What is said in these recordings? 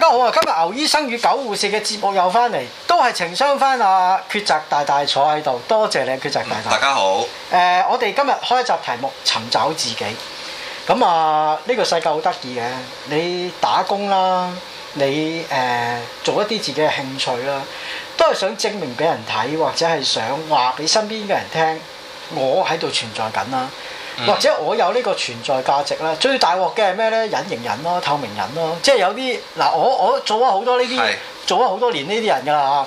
大家好啊！今日牛醫生與狗護士嘅節目又翻嚟，都係情商翻啊！抉擇大大坐喺度，多謝你，抉擇大大。大家好。誒、呃，我哋今日開一集題目尋找自己。咁啊，呢個世界好得意嘅，你打工啦，你誒、呃、做一啲自己嘅興趣啦，都係想證明俾人睇，或者係想話俾身邊嘅人聽，我喺度存在緊啦。或者、嗯、我有呢個存在價值啦，最大鑊嘅係咩咧？隱形人咯，透明人咯，即係有啲嗱，我我做咗好多呢啲，是做咗好多年呢啲人㗎啦嚇。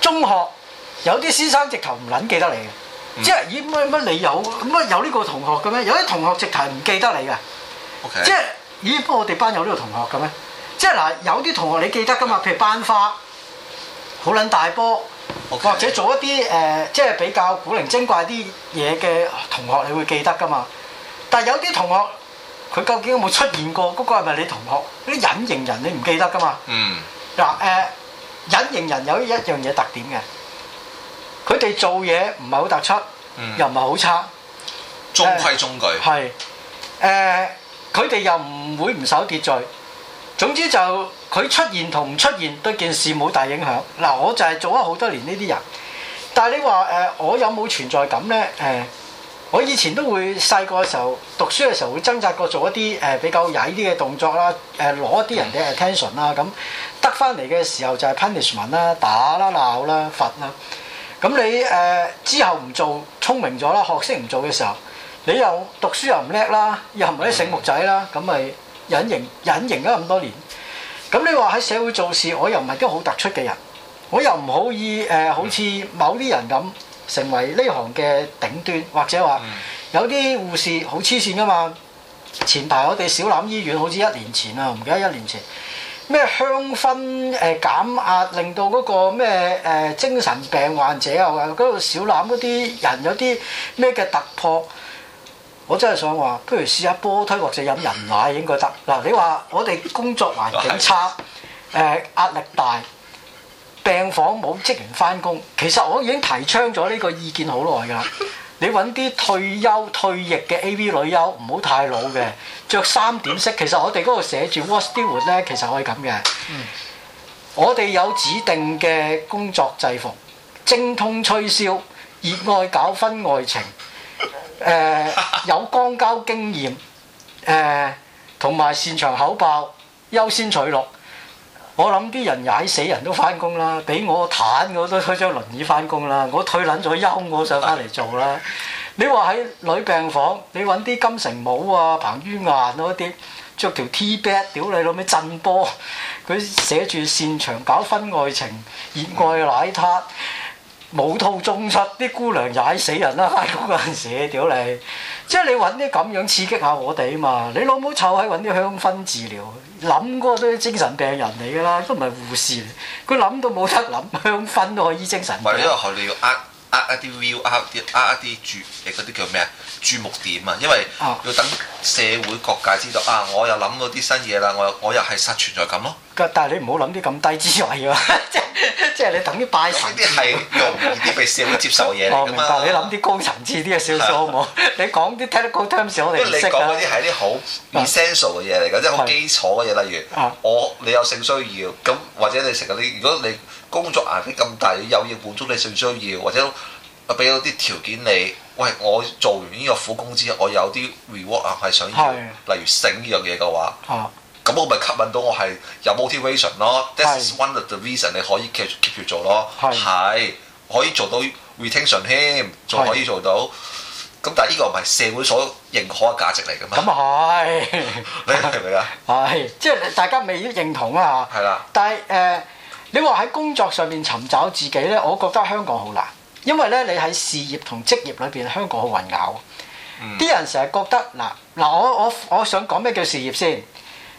中學有啲先生直頭唔撚記得你嘅，嗯、即係咦乜乜你有咁乜有呢個同學㗎咩？有啲同學直頭唔記得你嘅，即係咦不我哋班有呢個同學㗎咩？即係嗱，有啲同學你記得㗎嘛？譬如班花，好撚大波。Okay. 或者做一啲誒、呃，即係比較古靈精怪啲嘢嘅同學，你會記得噶嘛？但係有啲同學，佢究竟有冇出現過？嗰、那個係咪你同學？啲隱形人你唔記得噶嘛？嗯。嗱、呃，誒，隱形人有一樣嘢特點嘅，佢哋做嘢唔係好突出，嗯、又唔係好差，中規中矩。係、呃，誒，佢、呃、哋又唔會唔守秩序。總之就佢出現同唔出現對件事冇大影響。嗱，我就係做咗好多年呢啲人，但係你話誒、呃、我有冇存在感咧？誒、呃，我以前都會細個嘅時候讀書嘅時候會掙扎過做一啲誒、呃、比較曳啲嘅動作啦，誒、呃、攞一啲人哋嘅 attention 啦、啊，咁得翻嚟嘅時候就係 punishment 啦，打啦鬧啦罰啦。咁、啊啊、你誒、呃、之後唔做，聰明咗啦，學識唔做嘅時候，你又讀書又唔叻啦，又唔係啲醒目仔啦，咁咪。啊啊啊啊啊啊隱形隱形咗咁多年，咁你話喺社會做事，我又唔係啲好突出嘅人，我又唔可以誒、呃，好似某啲人咁成為呢行嘅頂端，或者話有啲護士好黐線㗎嘛？前排我哋小欖醫院好似一年前啊，唔記得一年前咩香薰誒減壓，令到嗰個咩誒、呃、精神病患者啊，嗰個小欖嗰啲人有啲咩嘅突破？我真係想話，不如試下波推或者飲人奶應該得。嗱，你話我哋工作環境差，誒、呃、壓力大，病房冇職員翻工。其實我已經提倡咗呢個意見好耐㗎啦。你揾啲退休退役嘅 AV 女優，唔好太老嘅，着三點式。其實我哋嗰度寫住 Watch the move 咧，其實可以咁嘅。我哋有指定嘅工作制服，精通吹簫，熱愛搞婚外情。誒、呃、有光交經驗，誒同埋擅長口爆，優先取錄。我諗啲人踩死人都翻工啦，俾我攤我都推張輪椅翻工啦，我退撚咗休，我上翻嚟做啦。你話喺女病房，你揾啲金城武啊、彭于晏多啲，着條 T back，屌你老味震波，佢寫住擅長搞婚外情、熱愛奶撻。嗯冇套中七，啲姑娘踩死人啦！嗰陣時屌你，即係你揾啲咁樣刺激下我哋啊嘛！你老母臭閪揾啲香薰治療，諗嗰個都係精神病人嚟㗎啦，都唔係護士，佢諗都冇得諗，香薰都可以醫精神病。因為佢哋要呃呃一啲 view，呃啲呃一啲注嗰啲叫咩啊？注目點啊！因為要等社會各界知道啊，我又諗到啲新嘢啦，我又我又係失存在感咯。但係你唔好諗啲咁低智慧喎，即係即係你等於拜神啲係容易啲被社會接受嘅嘢嚟㗎嘛，你諗啲高層次啲嘅少少好唔好？你講啲 technical terms 我哋。你講嗰啲係啲好 essential 嘅嘢嚟㗎，即係好基礎嘅嘢。例如，我你有性需要，咁或者你成日你如果你工作壓力咁大，你又要滿足你性需要，或者啊俾到啲條件你，喂我做完呢個苦工之後，我有啲 reward 啊係想要，例如性呢樣嘢嘅話。咁我咪吸引到我係有 motivation 咯，this is 是 one of the reason 你可以 keep keep 住做咯，係是可以做到 retention 先，仲可以做到。咁但係呢個唔係社會所認可嘅價值嚟嘅咩？咁啊係，你係咪啊？係， 即係大家未必認同啊嚇。係啦。但係誒、呃，你話喺工作上面尋找自己咧，我覺得香港好難，因為咧你喺事業同職業裏邊，香港好混淆。啲、嗯、人成日覺得嗱嗱，我我我，我想講咩叫事業先？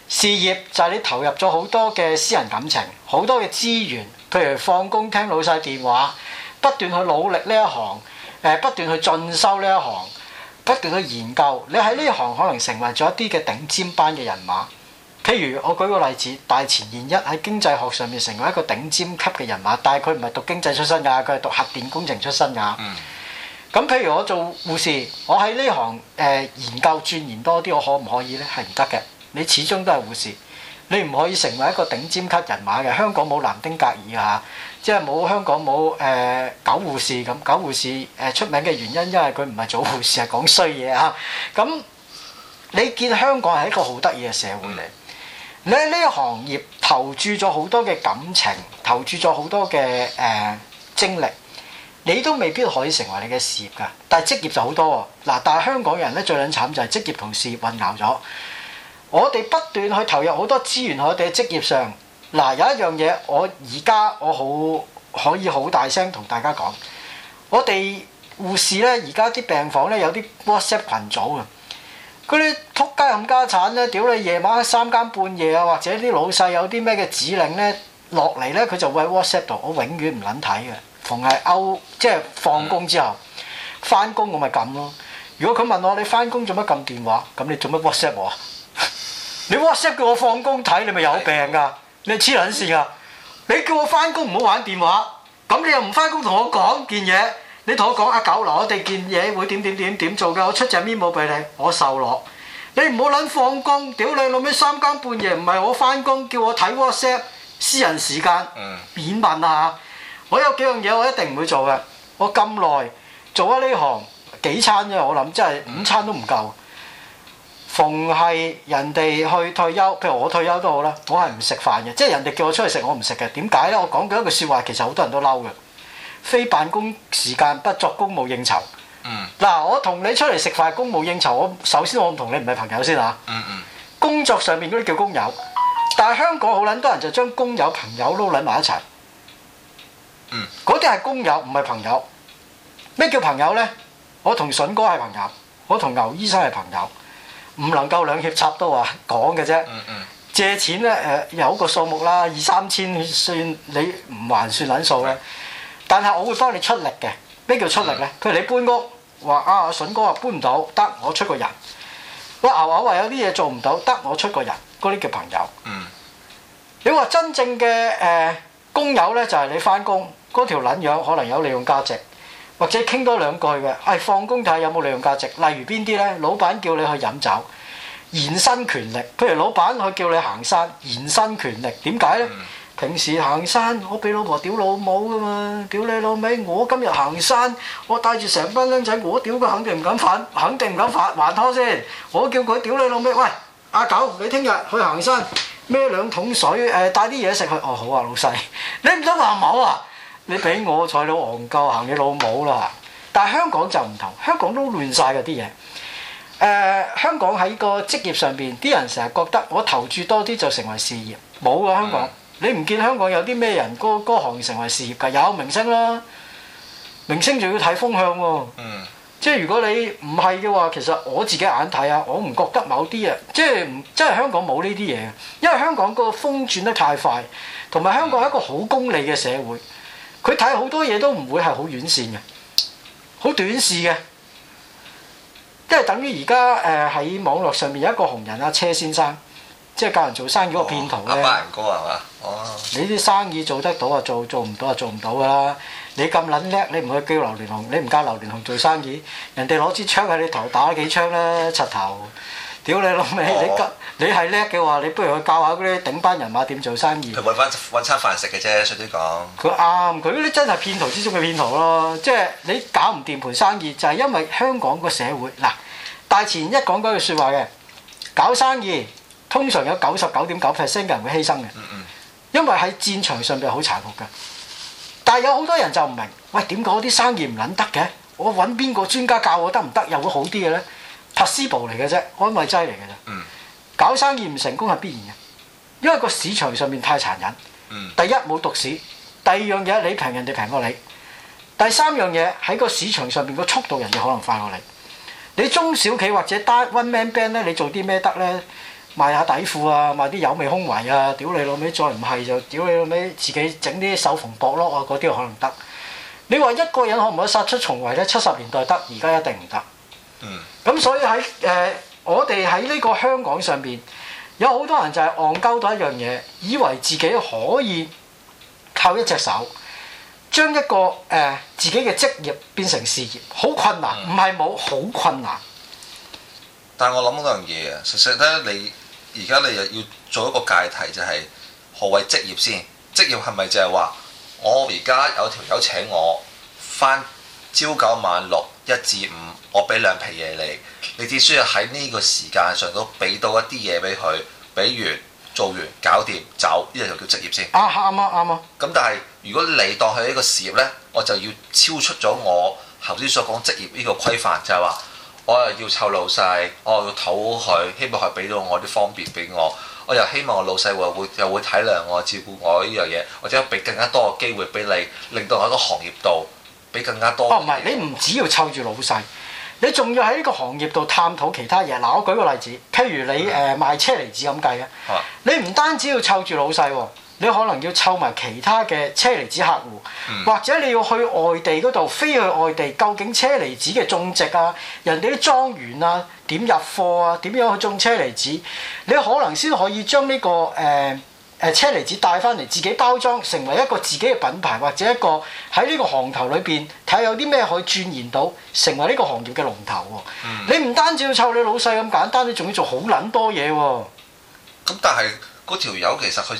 事業就係你投入咗好多嘅私人感情，好多嘅資源，譬如放工聽老細電話，不斷去努力呢一行，誒不斷去進修呢一行，不斷去研究。你喺呢行可能成為咗一啲嘅頂尖班嘅人馬。譬如我舉個例子，大前研一喺經濟學上面成為一個頂尖級嘅人馬，但係佢唔係讀經濟出身㗎，佢係讀核電工程出身㗎。嗯。咁譬如我做護士，我喺呢行誒、呃、研究鑽研多啲，我可唔可以呢？係唔得嘅。你始終都係護士，你唔可以成為一個頂尖級人馬嘅。香港冇南丁格爾啊，即係冇香港冇誒九護士咁。九護士誒出名嘅原因，因為佢唔係做護士，係講衰嘢嚇。咁你見香港係一個好得意嘅社會嚟，你喺呢一行業投注咗好多嘅感情，投注咗好多嘅誒、呃、精力，你都未必可以成為你嘅事業噶。但係職業就好多喎。嗱，但係香港人咧最撚慘就係職業同事業混淆咗。我哋不斷去投入好多資源，喺我哋嘅職業上，嗱，有一樣嘢，我而家我好可以好大聲同大家講，我哋護士咧，而家啲病房咧有啲 WhatsApp 群組啊，嗰啲撲街冚家鏟咧，屌你夜晚三更半夜啊，或者啲老細有啲咩嘅指令咧落嚟咧，佢就會喺 WhatsApp 度，我永遠唔撚睇嘅，逢係歐即係放工之後翻工我咪撳咯。如果佢問我你翻工做乜撳電話，咁你做乜 WhatsApp 我啊？你 WhatsApp 叫我放工睇，你咪有病㗎！你黐撚線㗎！你叫我返工唔好玩電話，咁你又唔返工同我講件嘢，你同我講阿九嗱，我哋件嘢會點點點點做嘅，我出隻 memo 俾你，我受落。你唔好諗放工，屌你老味三更半夜唔係我返工，叫我睇 WhatsApp 私人時間，嗯，免問啦嚇。我有幾樣嘢我一定唔會做嘅，我咁耐做咗呢行幾餐啫，我諗真係五餐都唔夠。逢係人哋去退休，譬如我退休都好啦，我係唔食飯嘅，即係人哋叫我出去食，我唔食嘅。點解咧？我講嘅一句説話，其實好多人都嬲嘅。非辦公時間不作公務應酬。嗯。嗱，我同你出嚟食飯公務應酬，我首先我唔同你唔係朋友先嚇。嗯嗯。工作上面嗰啲叫工友，但係香港好撚多人就將工友朋友撈撚埋一齊。嗯。嗰啲係工友，唔係朋友。咩叫朋友咧？我同筍哥係朋友，我同牛醫生係朋友。唔能夠兩肋插刀啊！講嘅啫，嗯嗯、借錢呢，誒、呃、有個數目啦，二三千算你唔還算撚數嘅。嗯、但係我會幫你出力嘅。咩叫出力咧？譬如、嗯、你搬屋話啊，筍哥話搬唔到，得我出個人。喂，牛牛話有啲嘢做唔到，得我出個人。嗰啲叫朋友。嗯。你話真正嘅誒、呃、工友呢，就係、是、你翻工嗰條撚樣，可能有利用價值。或者傾多兩句嘅，唉、哎，放工睇下有冇利用價值。例如邊啲咧？老闆叫你去飲酒，延伸權力。譬如老闆去叫你行山，延伸權力。點解咧？嗯、平時行山，我畀老婆屌老母噶嘛，屌你老味。我今日行山，我帶住成班僆仔，我屌佢肯定唔敢瞓，肯定唔敢瞓。還拖先。我叫佢屌你老味。喂，阿九，你聽日去行山，孭兩桶水，誒、呃，帶啲嘢食去。哦，好啊，老細，你唔想話我啊？你俾我菜佬憨鳩行你老母啦！但係香港就唔同，香港都亂晒嗰啲嘢。誒、呃，香港喺個職業上邊，啲人成日覺得我投注多啲就成為事業，冇啊！香港，嗯、你唔見香港有啲咩人嗰嗰、嗰個、行業成為事業㗎？有明星啦，明星仲要睇風向喎、啊。嗯。即係如果你唔係嘅話，其實我自己眼睇啊，我唔覺得某啲嘢，即係即係香港冇呢啲嘢。因為香港個風轉得太快，同埋香港係一個好功利嘅社會。佢睇好多嘢都唔會係好遠線嘅，好短視嘅，即係等於而家誒喺網絡上面有一個紅人啊，車先生，即係教人做生意個騙徒咧。哦啊哦、你啲生意做得到啊，做做唔到啊，做唔到㗎啦。你咁撚叻，你唔去叫劉鑾雄，你唔教劉鑾雄做生意，人哋攞支槍喺你頭打幾槍啦，柒頭。屌你老味！哦、你今你係叻嘅話，你不如去教下嗰啲頂班人馬點做生意。佢揾餐飯食嘅啫，吹吹講。佢啱，佢呢啲真係騙徒之中嘅騙徒咯。即係你搞唔掂盤生意，就係因為香港個社會嗱，大前一講嗰句説話嘅，搞生意通常有九十九點九 percent 嘅人會犧牲嘅。嗯嗯。因為喺戰場上邊好殘酷㗎，但係有好多人就唔明，喂點解啲生意唔撚得嘅？我揾邊個專家教我得唔得，又會好啲嘅呢？拍師部嚟嘅啫，安慰劑嚟嘅咋？嗯，搞生意唔成功係必然嘅，因為個市場上面太殘忍。嗯，第一冇獨市，第二樣嘢你平人哋平過你，第三樣嘢喺個市場上面個速度人哋可能快過你。你中小企或者單 one man band 咧，你做啲咩得咧？賣下底褲啊，賣啲有味胸圍啊，屌你老味，再唔係就屌你老味，自己整啲手縫薄褸啊嗰啲可能得。你話一個人可唔可以殺出重圍咧？七十年代得，而家一定唔得。嗯。咁、嗯、所以喺誒、呃，我哋喺呢個香港上邊，有好多人就係戇鳩到一樣嘢，以為自己可以靠一隻手將一個誒、呃、自己嘅職業變成事業，好困難，唔係冇，好困難。嗯、但係我諗嗰樣嘢啊，實實咧，你而家你又要做一個界題，就係、是、何謂職業先？職業係咪就係話我而家有條友請我翻朝九晚六？一至五，我俾兩皮嘢你，你只需要喺呢個時間上都俾到一啲嘢俾佢，比如做完搞掂走，呢樣就叫職業先。啊，啱啊，啱啊。咁但係如果你當佢係一個事業呢，我就要超出咗我頭先所講職業呢個規範，就係話我又要湊老細，我又要討好佢，希望佢俾到我啲方便俾我，我又希望我老細會會又會體諒我照顧我呢樣嘢，或者俾更加多嘅機會俾你，令到我喺個行業度。你更加多哦，唔係你唔只要湊住老細，你仲要喺呢個行業度探討其他嘢。嗱，我舉個例子，譬如你誒、嗯呃、賣車厘子咁計咧，嗯、你唔單止要湊住老細，你可能要湊埋其他嘅車厘子客戶，嗯、或者你要去外地嗰度飛去外地，究竟車厘子嘅種植啊，人哋啲莊園啊，點入貨啊，點樣去種車厘子，你可能先可以將呢、這個誒。呃誒車厘子帶翻嚟，自己包裝，成為一個自己嘅品牌，或者一個喺呢個行頭裏邊睇下有啲咩可以鑽研到成為呢個行業嘅龍頭、嗯、你唔單止要湊你老細咁簡單，你仲要做好撚多嘢喎、啊。咁但係嗰條友其實佢，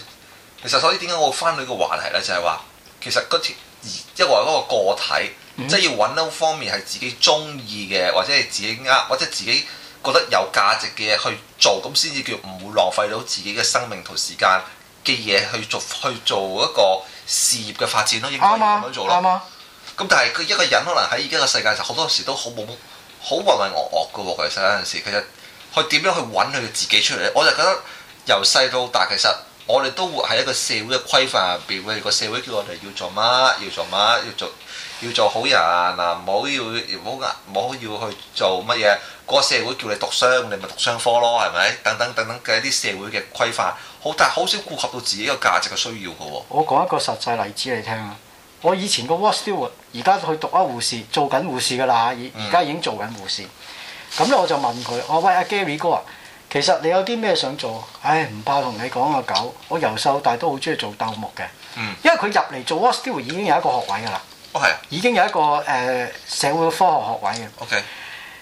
其實所以點解我翻到個呢個話題咧，就係、是、話其實嗰條，即係話嗰個個體，嗯、即係要揾到方面係自己中意嘅，或者係自己啱，或者自己覺得有價值嘅嘢去做，咁先至叫唔會浪費到自己嘅生命同時間。嘅嘢去做去做一個事業嘅發展咯，應該係咁樣做咯。咁 但係佢一個人可能喺而家個世界上，好多時都好冇好混混噩噩嘅喎。其實有陣時，其實佢點樣去揾佢嘅自己出嚟咧？我就覺得由細到大，其實我哋都會喺一個社會嘅規範入邊，喂個社會叫我哋要做乜，要做乜，要做。要做好人嗱，唔好要唔好壓，唔好要，要，要去做乜嘢。嗰個社會叫你讀商，你咪讀商科咯，係咪？等等等等嘅啲社會嘅規範，好但係好少顧及到自己個價值嘅需要嘅喎。我講一個實際例子你聽啊，我以前個 Warstool 而家去讀啊護士，做緊護士㗎啦，而家已經做緊護士。咁咧、嗯、我就問佢，我喂阿 Gary 哥啊，其實你有啲咩想做？唉，唔怕同你講啊，狗，我由細到大都好中意做鬥木嘅，嗯、因為佢入嚟做 Warstool 已經有一個學位㗎啦。已經有一個誒、呃、社會科學學位嘅，OK。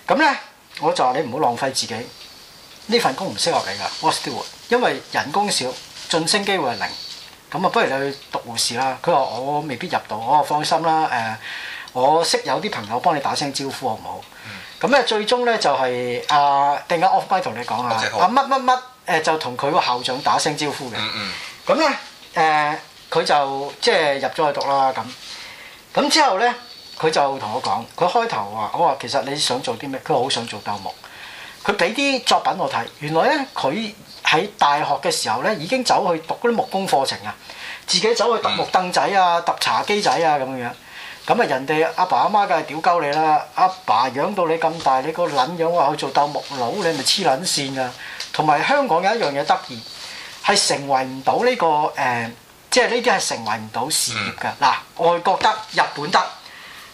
咁咧，我就話你唔好浪費自己呢份工唔適合你㗎，我 still，因為人工少，晉升機會係零。咁啊，不如你去讀護士啦。佢話我未必入到，我放心啦。誒、呃，我識有啲朋友幫你打聲招呼好唔好？咁咧、嗯，最終咧就係、是、啊，定個 off by 同你講 Okay. 啊，啊乜乜乜誒，就同佢個校長打聲招呼嘅、嗯。嗯嗯。咁咧誒，佢、呃、就即係入咗去讀啦咁。咁之後咧，佢就同我講，佢開頭話：我話其實你想做啲咩？佢好想做鬥木。佢俾啲作品我睇，原來咧佢喺大學嘅時候咧已經走去讀嗰啲木工課程啊，自己走去揼木凳仔啊、揼茶几仔啊咁樣。咁啊，人哋阿爸阿媽梗係屌鳩你啦，阿爸養到你咁大，你個撚樣話去做鬥木佬，你咪黐撚線啊！同埋香港有一樣嘢得意，係成為唔到呢個誒。呃即係呢啲係成為唔到事業㗎。嗱，外國得，日本得。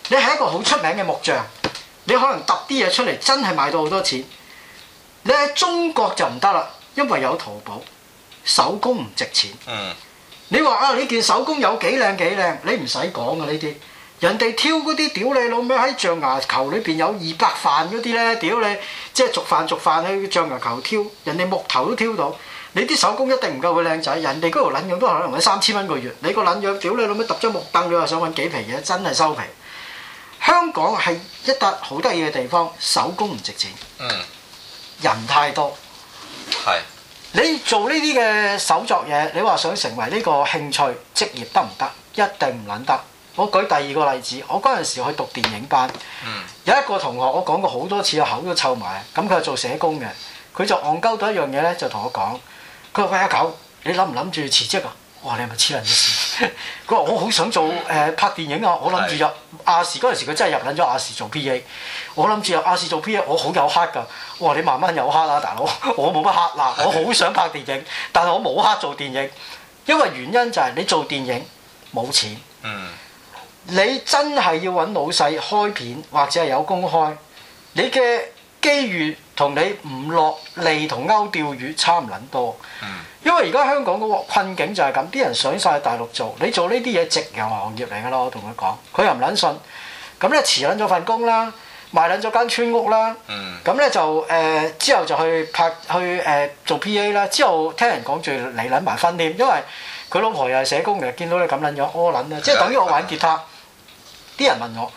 你係一個好出名嘅木匠，你可能揼啲嘢出嚟，真係賣到好多錢。你喺中國就唔得啦，因為有淘寶，手工唔值錢。嗯，你話啊，你件手工有幾靚幾靚，你唔使講啊呢啲。人哋挑嗰啲屌你老味，喺象牙球裏邊有二百塊嗰啲咧，屌你！即係逐塊逐塊去象牙球挑，人哋木頭都挑到。你啲手工一定唔夠佢靚仔，人哋嗰度撚樣都可能揾三千蚊個月，你個撚樣屌你老母揼張木凳你嘅，想揾幾皮嘢真係收皮。香港係一笪好得意嘅地方，手工唔值錢，嗯，人太多，係。你做呢啲嘅手作嘢，你話想成為呢個興趣職業得唔得？一定唔撚得。我舉第二個例子，我嗰陣時去讀電影班，嗯，有一個同學我講過好多次，口都臭埋，咁佢係做社工嘅，佢就戇鳩到一樣嘢咧，就同我講。佢話：喂，阿九，你諗唔諗住辭職啊？ 我話你係咪黐撚嘅事？」佢話我好想做誒、呃、拍電影啊！我諗住入亞視嗰陣時，佢真係入緊咗亞視做 PA。我諗住入亞視做 PA，我好、啊、有黑㗎。我話你慢慢有黑啦、啊，大佬。我冇乜黑嗱，的我好想拍電影，但係我冇黑做電影，因為原因就係你做電影冇錢。嗯，你真係要揾老細開片或者係有公開，你嘅機遇。同你唔落利同勾釣魚差唔撚多，因為而家香港個困境就係咁，啲人想晒大陸做，你做呢啲嘢直由行業嚟㗎咯。我同佢講，佢又唔撚信。咁咧辭撚咗份工啦，賣撚咗間村屋啦，咁咧、嗯、就誒、呃、之後就去拍去誒、呃、做 PA 啦。之後聽人講住嚟撚埋分添，因為佢老婆又係社工，其實見到你咁撚咗我撚啦，即係等於我玩吉他，啲人問我。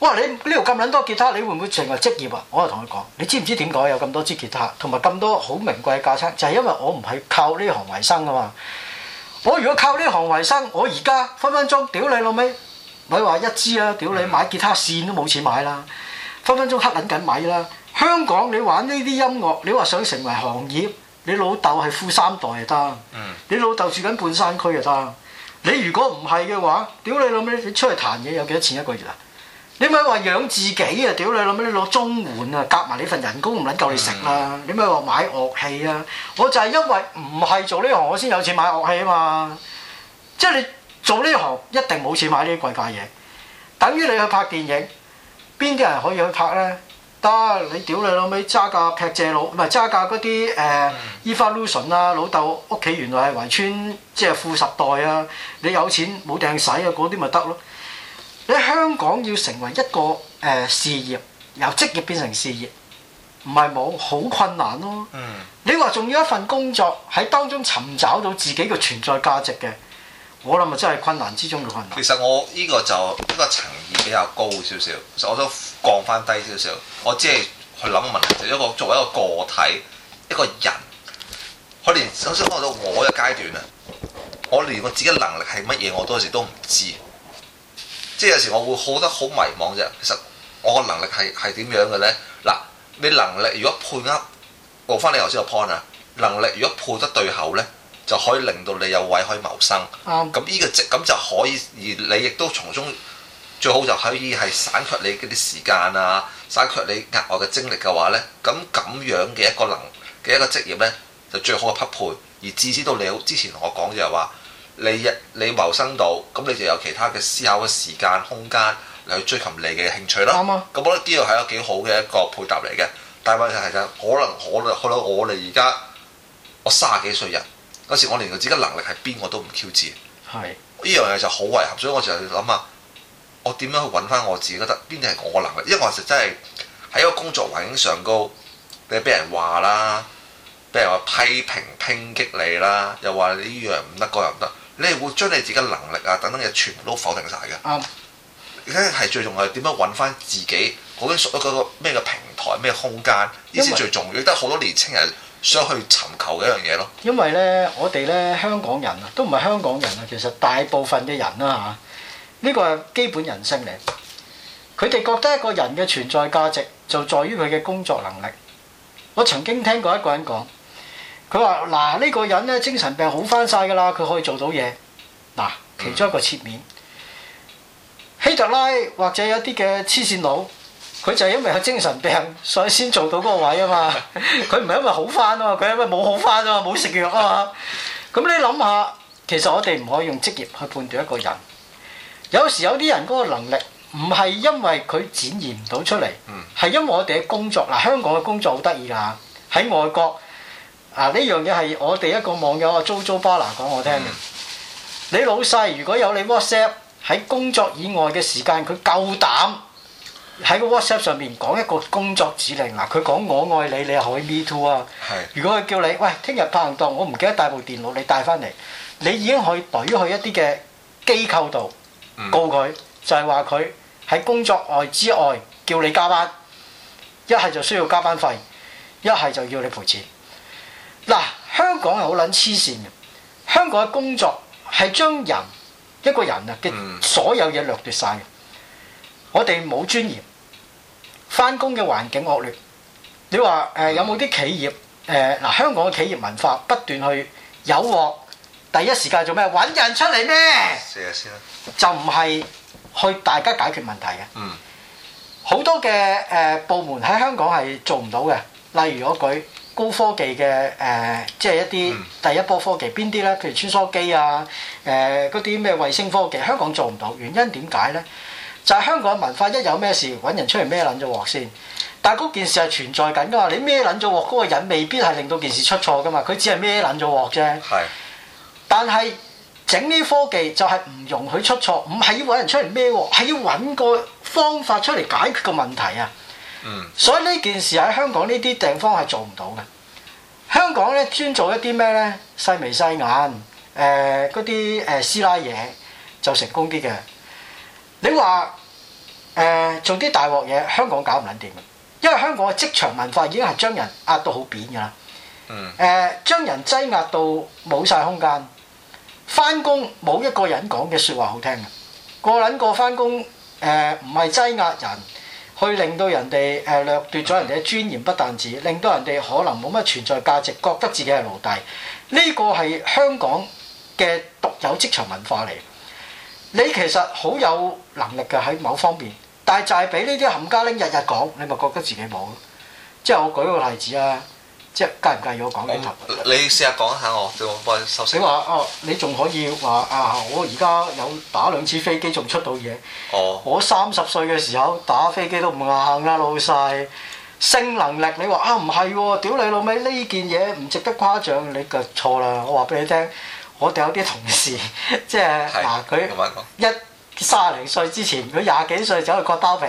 哇！你呢度咁撚多吉他，你會唔會成為職業啊？我係同佢講，你知唔知點解有咁多支吉他，同埋咁多好名貴嘅架撐？就係因為我唔係靠呢行為生㗎嘛。我如果靠呢行為生，我而家分分鐘屌你老味咪話一支啊！屌你買吉他線都冇錢買啦，分分鐘乞撚緊米啦。香港你玩呢啲音樂，你話想成為行業，你老豆係富三代就得，嗯、你老豆住緊半山區就得。你如果唔係嘅話，屌你老味，你出去彈嘢有幾多錢一個月啊？你咪話養自己啊！屌你老味，你攞綜援啊，夾埋你份人工唔撚夠你食啊。你咪話買樂器啊！我就係因為唔係做呢行，我先有錢買樂器啊嘛！即係你做呢行一定冇錢買呢啲貴價嘢。等於你去拍電影，邊啲人可以去拍咧？得、啊、你屌你老味，揸架劈借佬，唔係揸架嗰啲誒 Evolution 啊！老豆屋企原來係圍村，即係富十代啊！你有錢冇掟使啊？嗰啲咪得咯～喺香港要成為一個誒、呃、事業，由職業變成事業，唔係冇好困難咯、啊。嗯，你話仲要一份工作喺當中尋找到自己嘅存在價值嘅，我諗咪真係困難之中嘅困難其、這個點點。其實我呢個就依個層面比較高少少，其實我都降翻低少少。我只係去諗個問題，就是、一個作為一個個體，一個人，我連首先講到我嘅階段啊，我連我自己能力係乜嘢，我多時都唔知。即係有時我會好得好迷茫啫。其實我個能力係係點樣嘅咧？嗱，你能力如果配合回翻你頭先個 point 啊，能力如果配得對口咧，就可以令到你有位可以謀生。哦、嗯。咁呢個職，咁就可以而你亦都從中最好就可以係省卻你嗰啲時間啊，省卻你額外嘅精力嘅話咧，咁咁樣嘅一個能嘅一個職業咧，就最好嘅匹配。而至少到你之前同我講就係話。你日你謀生到，咁你就有其他嘅思考嘅時間空間嚟去追求你嘅興趣咯。咁我覺得呢個係一個幾好嘅一個配搭嚟嘅。但係問題係就可能我可能我哋而家我卅幾歲人嗰時，我連我自己能力係邊個我都唔 Q 知。呢依是樣嘢就好遺憾，所以我就要諗下，我點樣去揾翻我自己覺得邊啲係我嘅能力？因為我實真係喺一個工作環境上高，你俾人話啦，俾人話批評抨擊你啦，又話你呢樣唔得，嗰樣唔得。你係會將你自己嘅能力啊等等嘢全部都否定晒嘅。哦、啊，而家係最重要係點樣揾翻自己嗰啲屬於嗰個咩嘅平台、咩空間，呢啲先至最重要，得好多年青人想去尋求嘅一樣嘢咯。因為咧，我哋咧香港人啊，都唔係香港人啊，其實大部分嘅人啦嚇，呢個係基本人性嚟。佢哋覺得一個人嘅存在價值就在於佢嘅工作能力。我曾經聽過一個人講。佢話：嗱，呢個人咧精神病好翻晒㗎啦，佢可以做到嘢。嗱，其中一個切面，嗯、希特拉或者有啲嘅黐線佬，佢就係因為有精神病，所以先做到嗰個位啊嘛。佢唔係因為好翻啊嘛，佢因為冇好翻啊嘛，冇食藥啊嘛。咁你諗下，其實我哋唔可以用職業去判斷一個人。有時有啲人嗰個能力唔係因為佢展現唔到出嚟，係、嗯、因為我哋嘅工作嗱，香港嘅工作好得意㗎，喺外國。啊！呢樣嘢係我哋一個網友啊 JoJo Bala 講我聽嘅。嗯、你老細如果有你 WhatsApp 喺工作以外嘅時間，佢夠膽喺個 WhatsApp 上面講一個工作指令嗱，佢、啊、講我愛你，你又可以 Me Too 啊。是如果佢叫你喂，聽日拍行當，我唔記得帶部電腦，你帶翻嚟。你已經可以懟去一啲嘅機構度告佢，嗯、就係話佢喺工作外之外叫你加班，一係就需要加班費，一係就，就要你賠錢。嗱，香港係好撚黐線嘅。香港嘅工作係將人一個人啊嘅所有嘢掠奪晒。嘅、嗯。我哋冇尊嚴，翻工嘅環境惡劣。你話誒、呃、有冇啲企業誒嗱、呃、香港嘅企業文化不斷去誘惑，第一時間做咩？揾人出嚟咩？試下先啦。就唔係去大家解決問題嘅。嗯。好多嘅誒、呃、部門喺香港係做唔到嘅，例如我舉，高科技嘅誒、呃，即係一啲第一波科技，邊啲咧？譬如穿梭機啊，誒嗰啲咩衛星科技，香港做唔到，原因點解咧？就係、是、香港嘅文化一，一有咩事揾人出嚟孭撚咗鑊先。但係嗰件事係存在緊噶嘛？你孭撚咗鑊嗰個人未必係令到件事出錯噶嘛？佢只係孭撚咗鑊啫。係是。但係整呢啲科技就係唔容許出錯，唔係要揾人出嚟孭鑊，係要揾個方法出嚟解決個問題啊！嗯、所以呢件事喺香，香港呢啲地方係做唔到嘅。香港咧，專做一啲咩咧？細眉細眼，誒嗰啲誒師奶嘢就成功啲嘅。你話誒、呃、做啲大鑊嘢，香港搞唔捻掂，因為香港嘅職場文化已經係將人壓、嗯呃、到好扁噶啦。誒將人擠壓到冇晒空間，翻工冇一個人講嘅說話好聽嘅，個捻個翻工誒唔係擠壓人。去令到人哋誒掠奪咗人哋嘅尊嚴，不但止，令到人哋可能冇乜存在價值，覺得自己係奴隸。呢個係香港嘅獨有職場文化嚟。你其實好有能力嘅喺某方面，但係就係俾呢啲冚家拎日日講，你咪覺得自己冇咯。即係我舉個例子啊。即係介唔介意我講嘢頭？你試下講下我，就唔怪。頭先話哦，你仲可以話啊！我而家有打兩次飛機仲出到嘢。哦，我三十歲嘅時候打飛機都唔硬啦，老細。性能力你話啊？唔係喎，屌你老味！呢件嘢唔值得誇獎，你錯啦！我話俾你聽，我哋有啲同事即係嗱，佢一。三十零歲之前，佢廿幾歲走去割包皮，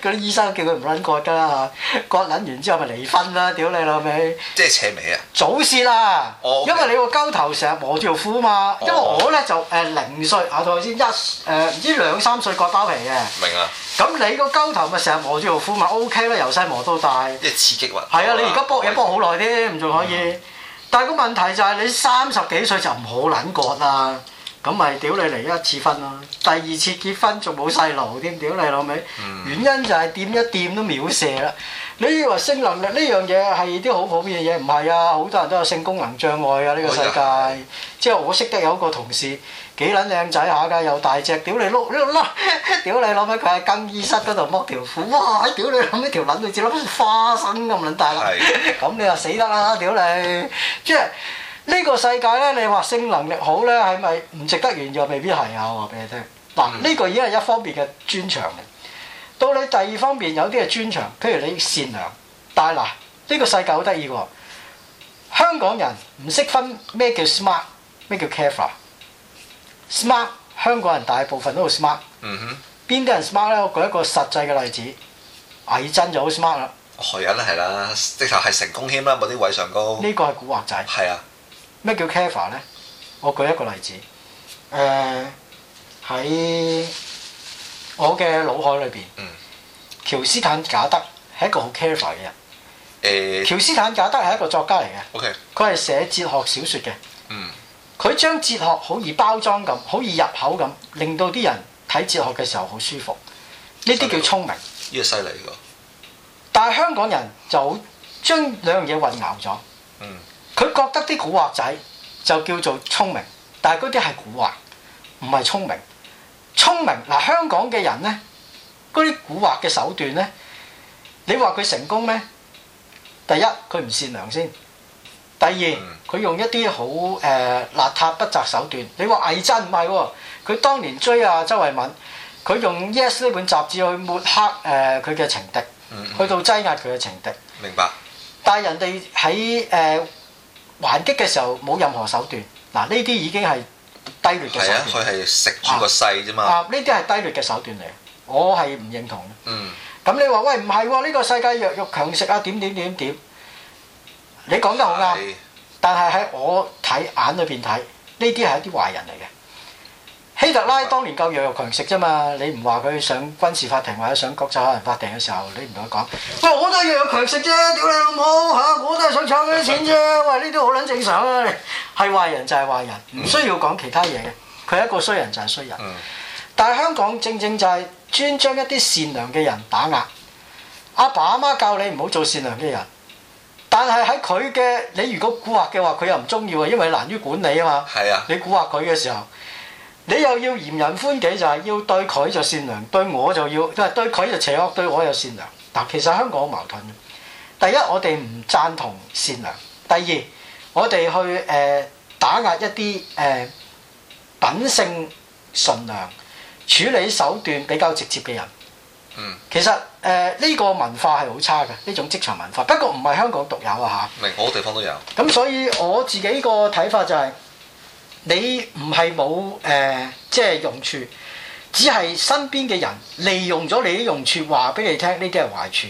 嗰啲醫生叫佢唔撚割㗎啦嚇，割撚完之後咪離婚啦，屌你老味！即係扯尾啊！早泄啊！Oh, okay. 因為你個鳩頭成日磨住條褲嘛。Oh. 因為我咧就誒零歲嚇，睇、啊、頭先一誒唔知兩三歲割包皮嘅。明啊！咁你個鳩頭咪成日磨住條褲咪 OK 咯，由細磨到大。即係刺激核。係啊！你而家搏嘢搏好耐添，仲 Okay. 可以。嗯、但係個問題就係你三十幾歲就唔好撚割啦。咁咪屌你嚟一次婚咯，第二次結婚仲冇細路添，屌你老尾！原因就係點一點都秒射啦！你以為性能力呢樣嘢係啲好普遍嘅嘢？唔係啊，好多人都有性功能障礙啊！呢個世界，即係我識得有個同事幾撚靚仔下㗎，又大隻，屌你碌碌啦！屌你老尾，佢喺更衣室嗰度剝條褲，哇！屌你老尾條撚好似粒花生咁撚大粒，咁你又死得啦！屌你，即係～呢個世界咧，你話性能力好咧，係咪唔值得炫耀？未必係啊！我話俾你聽，嗱，呢個已經係一方面嘅專長。到你第二方面，有啲係專長，譬如你善良。但係嗱，呢個世界好得意喎。香港人唔識分咩叫 smart，咩叫 careful。smart 香港人大部分都好 smart。嗯哼。邊啲人 smart 咧？我舉一個實際嘅例子，魏真就好 smart 啦。害人係啦，直頭係成功添啦，冇啲位上高。呢個係古惑仔。係啊。咩叫 careful 咧？我舉一個例子，誒、呃、喺我嘅腦海裏邊，喬、嗯、斯坦·賈德係一個好 careful 嘅人。誒、欸，喬斯坦·賈德係一個作家嚟嘅。O.K. 佢係寫哲學小説嘅。嗯，佢將哲學好易包裝咁，好易入口咁，令到啲人睇哲學嘅時候好舒服。呢啲叫聰明。呢個犀利喎！呢個但係香港人就將兩樣嘢混淆咗。嗯。佢覺得啲古惑仔就叫做聰明，但係嗰啲係古惑，唔係聰明。聰明嗱、呃，香港嘅人咧，嗰啲古惑嘅手段咧，你話佢成功咩？第一，佢唔善良先；第二，佢用一啲好誒邋遢不擇手段。你話偽真唔係喎？佢當年追阿、啊、周慧敏，佢用《Yes》呢本雜誌去抹黑誒佢嘅情敵，嗯嗯去到擠壓佢嘅情敵。明白但。但係人哋喺誒。還擊嘅時候冇任何手段，嗱，呢啲已經係低劣嘅手段。佢係食住個勢啫嘛。啊，呢啲係低劣嘅手段嚟，我係唔認同嘅。嗯。咁你話喂，唔係呢個世界弱肉強食啊？點點點點，你講得好啱。係。但係喺我睇眼裏邊睇，呢啲係一啲壞人嚟嘅。希特拉當年夠弱肉強食啫嘛，你唔話佢上軍事法庭或者上國際法庭嘅時候，你唔同佢講。喂，我都弱肉強食啫，屌你老母吓，我都係想搶佢啲錢啫。喂，呢啲好撚正常啊！你係壞人就係壞人，唔、嗯、需要講其他嘢嘅。佢係一個衰人就係衰人。嗯、但係香港正正就係專將一啲善良嘅人打壓。阿爸阿媽教你唔好做善良嘅人，但係喺佢嘅你如果蠱惑嘅話，佢又唔中意啊，因為難於管理啊嘛。係啊。你蠱惑佢嘅時候。你又要嫌人歡喜就係、是、要對佢就善良，對我就要，就係對佢就邪惡，對我就善良。嗱，其實香港好矛盾。第一，我哋唔贊同善良；第二，我哋去誒、呃、打壓一啲誒、呃、品性純良、處理手段比較直接嘅人。嗯。其實誒呢、呃這個文化係好差嘅呢種職場文化，不過唔係香港獨有啊。吓，唔係好多地方都有。咁所以我自己個睇法就係、是。你唔係冇誒，即係用處，只係身邊嘅人利用咗你啲用處，話俾你聽，呢啲係壞處。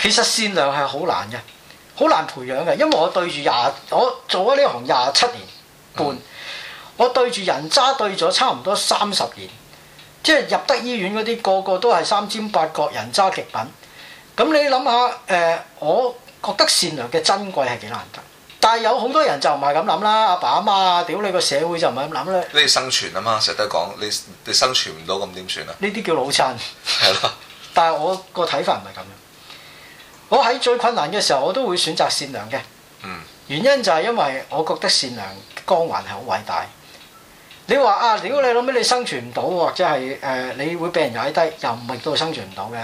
其實善良係好難嘅，好難培養嘅，因為我對住廿，我做咗呢行廿七年半，嗯、我對住人渣對咗差唔多三十年，即係入得醫院嗰啲個個都係三尖八角人渣極品。咁你諗下誒，我覺得善良嘅珍貴係幾難得。但係有好多人就唔係咁諗啦，阿爸阿媽，屌你個社會就唔係咁諗咧。你生存啊嘛，成日都講，你你生存唔到咁點算啊？呢啲叫老襯，係咯。但係我個睇法唔係咁樣。我喺最困難嘅時候，我都會選擇善良嘅。嗯。原因就係因為我覺得善良光環係好偉大。你話啊，屌你老妹，你生存唔到或者係誒、呃，你會被人踩低，又唔係都生存唔到嘅。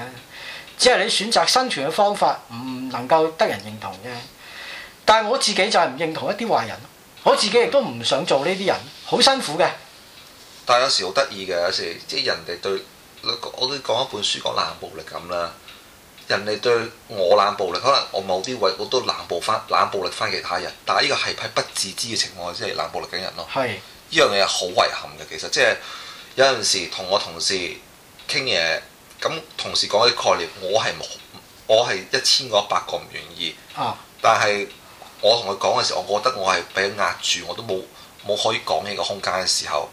只係你選擇生存嘅方法唔能夠得人認同嘅。但係我自己就係唔認同一啲壞人，我自己亦都唔想做呢啲人，好辛苦嘅。但係有時好得意嘅，有時即係人哋對我，我都講一本書講冷暴力咁啦。人哋對我冷暴力，可能我某啲位我都冷暴翻、冷暴力翻其他人。但係呢個係批不自知嘅情況，即係冷暴力緊人咯。係呢樣嘢好遺憾嘅，其實即係有陣時同我同事傾嘢，咁同事講啲概念，我係冇，我係一千個一百個唔願意。啊！但係我同佢講嘅時候，我覺得我係俾壓住，我都冇冇可以講嘢嘅空間嘅時候，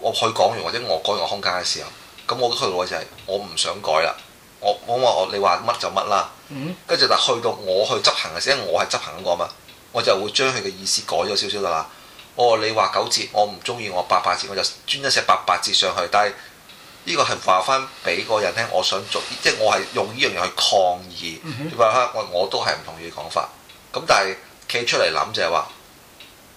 我去講完或者我改完個空間嘅時候，咁我嘅態度就係、是、我唔想改啦。我我話你話乜就乜啦。跟住但去到我去執行嘅時候，因為我係執行嗰個嘛，我就會將佢嘅意思改咗少少啦。哦，你話九折，我唔中意，我八八折，我就專登寫八八折上去。但係呢個係話翻俾個人聽，我想做，即係我係用呢樣嘢去抗議。嗯、哼你話我我都係唔同意嘅講法。咁但係。企出嚟諗就係話：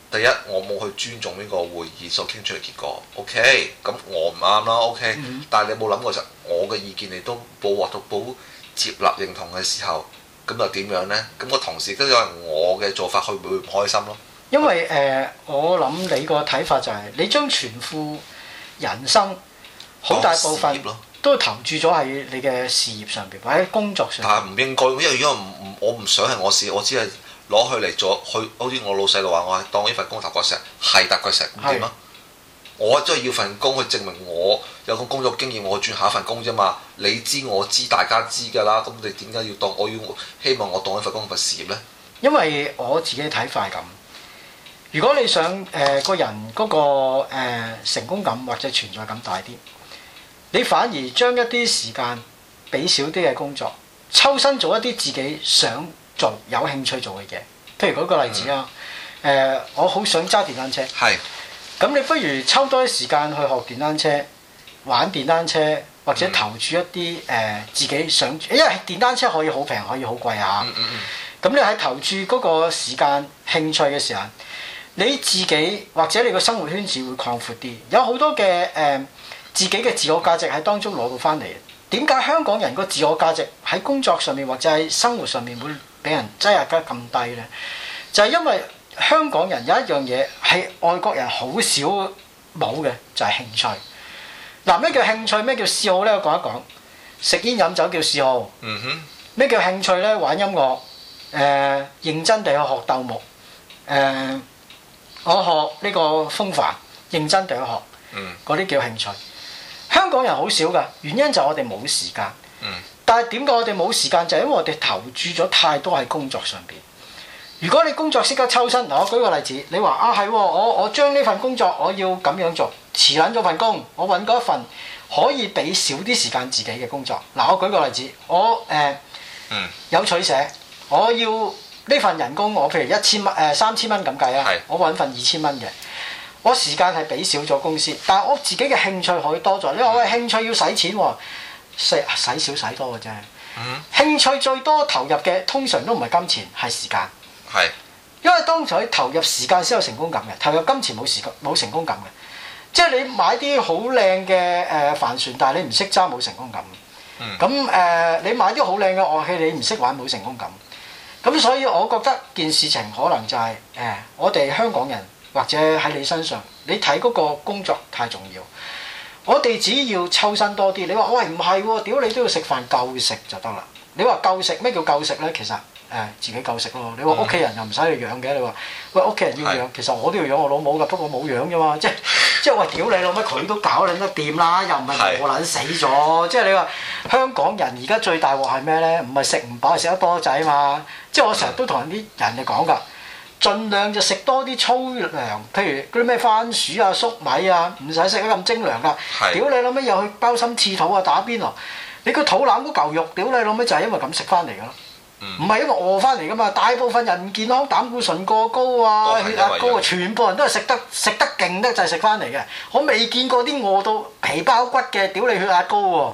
第一，我冇去尊重呢個會議所傾出嘅結果。OK，咁我唔啱啦。OK，嗯，但係你冇諗過，就我嘅意見你都冇獲到、冇接納、認同嘅時候，咁就點樣咧？咁個同事都有人，我嘅做法，會唔會唔開心咯？因為誒、呃，我諗你個睇法就係，你將全副人生好、嗯、大部分都投注咗喺你嘅事業上邊，或者工作上。但係唔應該，因為如果唔唔，我唔想係我，想我事，我只係。攞去嚟做，佢好似我老細就話，我係當呢份工踏腳石，係踏腳石，點啊？的我真係要份工去證明我有份工作經驗，我轉下一份工啫嘛。你知我知，大家知噶啦。咁你點解要當我？我要希望我當一份工同份事業呢？因為我自己睇法係咁。如果你想誒、呃、個人嗰、那個誒、呃、成功感或者存在感大啲，你反而將一啲時間俾少啲嘅工作，抽身做一啲自己想。做有興趣做嘅嘢，譬如舉個例子啊，誒、嗯呃，我好想揸電單車，咁是你不如抽多啲時間去學電單車，玩電單車，或者投注一啲誒、呃、自己想，因為電單車可以好平，可以好貴啊，咁、嗯嗯嗯、你喺投注嗰個時間、興趣嘅時候，你自己或者你個生活圈子會擴闊啲，有好多嘅誒、呃、自己嘅自我價值喺當中攞到翻嚟。點解香港人個自我價值喺工作上面或者喺生活上面會，俾人擠壓得咁低咧，就係、是、因為香港人有一樣嘢係外國人好少冇嘅，就係、是、興趣。嗱、啊，咩叫興趣？咩叫嗜好咧？我講一講，食煙飲酒叫嗜好。嗯哼。咩叫興趣咧？玩音樂，誒、呃，認真地去學鬥木，誒、呃，我學呢個風帆，認真地去學。嗯。嗰啲叫興趣。香港人好少㗎，原因就係我哋冇時間。嗯。但係點解我哋冇時間？就係、是、因為我哋投注咗太多喺工作上邊。如果你工作識得抽身，嗱，我舉個例子，你話啊係、啊，我我將呢份工作我要咁樣做，辭揾咗份工，我揾嗰一份可以俾少啲時間自己嘅工作。嗱，我舉個例子，我誒、呃、嗯有取捨，我要呢份人工，我譬如一千蚊誒三千蚊咁計啊，3, 是我揾份二千蚊嘅，我時間係俾少咗公司，但係我自己嘅興趣可以多咗，因為我興趣要使錢喎。使少使多嘅啫，mm hmm. 興趣最多投入嘅通常都唔係金錢，係時間。係是，因為當你投入時間先有成功感嘅，投入金錢冇時間冇成功感嘅。即係你買啲好靚嘅誒帆船，但係你唔識揸冇成功感嘅。咁誒，你買啲好靚嘅樂器，你唔識玩冇成功感。咁、mm hmm. 呃、所以我覺得件事情可能就係、是、誒、呃，我哋香港人或者喺你身上，你睇嗰個工作太重要。我哋只要抽身多啲，你話喂唔係喎，屌你都要食飯夠食就得啦。你話夠食咩叫夠食咧？其實誒自己夠食咯。你話屋企人又唔使去養嘅，你話喂屋企人要養，是的 其實我都要養我老母噶，不過冇養啫嘛。即即喂，屌你老咩，佢都搞你，得掂啦，又唔係我撚死咗。是的 即係你話香港人而家最大鑊係咩咧？唔係食唔飽，食得多仔嘛。即係我成日都同人啲人哋講噶。盡量就食多啲粗糧，譬如嗰啲咩番薯啊、粟米啊，唔使食得咁精良噶。屌是的 你老味又去包心刺肚啊、打邊爐，你個肚腩嗰嚿肉，屌你老味就係、是、因為咁食翻嚟噶啦，唔係、嗯、因為餓翻嚟噶嘛。大部分人唔健康，膽固醇過高啊，血壓高啊，一樣 全部人都係食得食得勁得就係食翻嚟嘅。我未見過啲餓到皮包骨嘅，屌你血壓高喎。